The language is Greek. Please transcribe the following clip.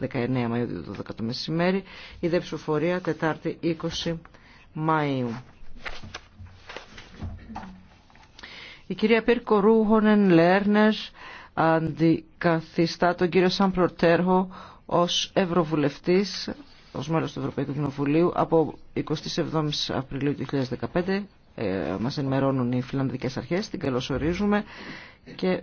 19 Μαΐου 12 το μεσημέρι. Η δε Τετάρτη 20 Μαΐου. Η κυρία Πίρκο Ρούχονεν Λέρνερ αντικαθιστά τον κύριο Σαν ως Ευρωβουλευτής, ως μέλος του Ευρωπαϊκού Κοινοβουλίου από 27 Απριλίου 2015. Ε, μας ενημερώνουν οι φιλανδικές αρχές, την καλωσορίζουμε και